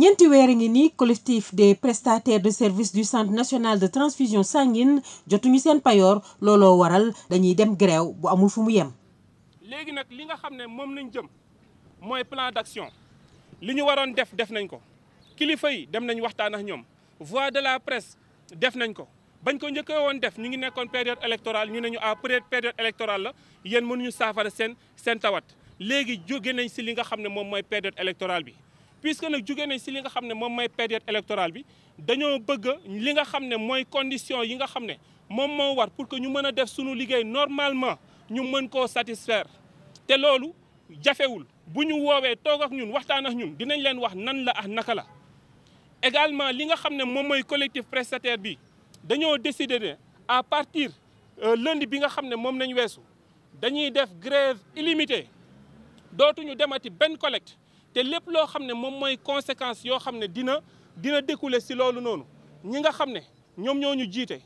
ñeenti weer a ngi nii collectif des prestataires de service du centre national de transfusion sanguine jotuñu seen payoor looloo waral dañuy dem grève bu amul fu mu yem. léegi nag li nga xam ne moom lañ jëm mooy plan d'action li ñu waroon def def nañ ko kilifa yi dem nañ waxtaan ak ñoom voix de la presse def nañ ko. bañ ko njëkkee woon def ñu ngi nekkoon période électorale ñu ne à peut-être ah période la yéen mënuñu saafara seen seen tawat léegi jóge nañ si li nga xam ne moom mooy période électorale bi puisque nag jóge nañ si li nga xam ne moom mooy période électorale bi dañoo bëgg li nga xam ne mooy condition yi nga xam ne moom moo war pour que ñu mën a def suñu liggéey normalement ñu mën koo satisfaire te loolu jafewul bu ñu woowee toog ak ñun waxtaan ak ñun dinañ leen wax nan la ak naka la également li nga xam ne moom mooy collectif prestataire bi dañoo décider ne à partir euh, lënd bi nga xam ne moom nañ weesu dañuy def grève illimitée dootuñu demati benn collecte te lépp loo xam ne moom mooy conséquence yoo xam ne dina dina découler si loolu noonu ñi nga xam ne ñoom ñoo ñu jiite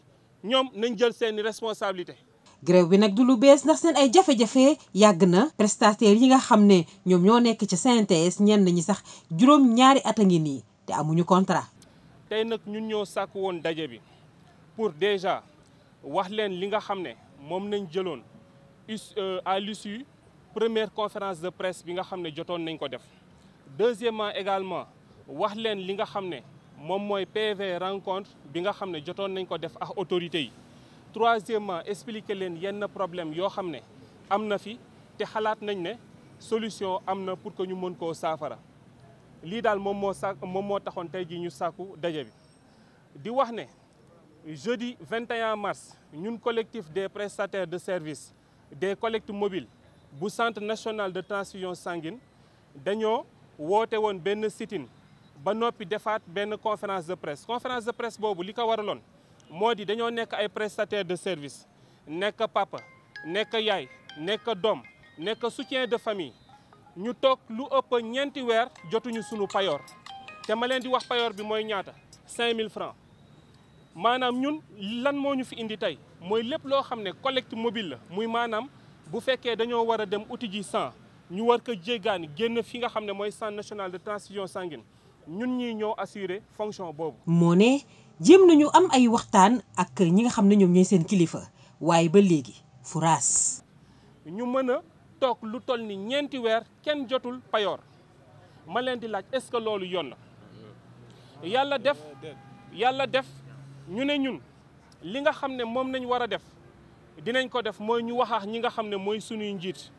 ñoom nañ jël seeni responsabilité grève bi nag du lu bees ndax seen ay jafe-jafe yàgg na prestataires yi nga xam ne ñoom ñoo nekk ci CNTS ñenn ñi sax juróom ñaari at a ngi nii te amuñu contrat. tey nag ñun ñoo sàkk woon daje bi. pour déjà wax leen li nga xam ne moom nañ jëloon euh, à l'issue première conférence de presse bi nga xam ne jotoon nañ ko def deuxièmement également wax leen li nga xam ne moom mooy PV rencontre bi nga xam ne jotoon nañ ko def ak autorités yi troisièmement expliquer leen yenn problème yoo xam ne am na fi te xalaat nañ ne solution am na pour que ñu mën koo saafara lii daal moom moo sa moom moo taxoon tey ji ñu sàkku daje bi di wax ne jeudi 21 mars ñun collectif des prestataires de service des collectes mobiles bu centre national de transfusion sanguine dañoo woote woon benn sit-in ba noppi defaat benn conférence de presse conférence de presse boobu li ko waraloon moo di dañoo nekk ay prestataires de service nekk papa nekk yaay nekk doom nekk soutien de famille ñu toog lu ëpp ñeenti weer jotuñu sunu payoor te ma leen di wax payoor bi mooy ñaata 5000 francs maanaam ñun lan moo ñu fi indi tey mooy lépp loo xam ne collecte mobile la muy maanaam bu fekkee dañoo war a dem uti ji sang ñu war ko jéggaani génn fi nga xam ne mooy centre national de transfusion sanguine ñun ñii ñëw assurer fonction boobu. moo ne jéem nañu am ay waxtaan ak ñi nga xam ne ñoom ñooy seen kilifa waaye ba léegi furaas. ñu mën a toog lu toll ni ñeenti weer kenn jotul payoor ma leen di laaj est-ce que loolu yoon na yàlla def yàlla def. ñu ne ñun li nga xam ne moom nañ war a def dinañ ko def mooy ñu waxaax ñi nga xam ne mooy sunuy njiit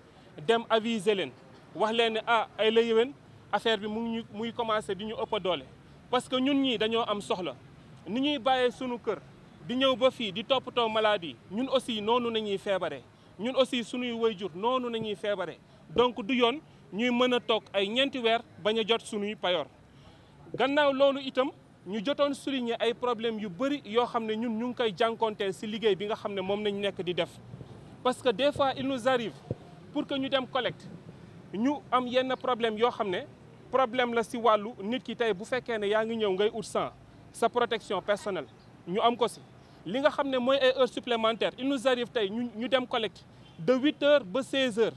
dem aviser leen wax leen ne ah ay la yéwén affaire bi mu muy commencé di ñu ëpp doole. parce que ñun ñii dañoo am soxla nu ñuy bàyyee sunu kër di ñëw ba fii di toppatoo malaadi ñun aussi noonu nañuy feebaree ñun aussi sunuy waajur noonu nañuy feebaree donc du yoon ñuy mën a toog ay ñeenti weer bañ a jot sunuy payoor gannaaw loolu itam. ñu jotoon souligner ay problème yu bëri yoo xam ne ñun ñu ngi koy jànkonteel ci liggéey bi nga xam ne moom nañ nekk di def parce que des fois il nous arrive pour que ñu dem collecte ñu am yenn problème yoo xam ne problème la si wàllu nit ki tey bu fekkee ne yaa ngi ñëw ngay ut sang sa protection personnelle ñu am ko si li nga xam ne mooy ay heures supplémentaires il nous arrive tey ñu ñu dem collecte de huit heures ba seize heures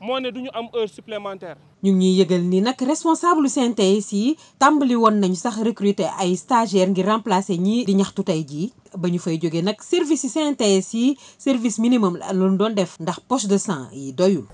moo ne du ñu am heure supplémentaire ñu ngi ñuy yëgal ni nag responsable CNTS yi tàmbali woon nañu sax recruter ay stagiaires ngir remplacer ñii di ñaxtu tey jii ba ñu fay jógee nag service yi CNTS yi service minimum la doon def ndax poche de sang yi doyul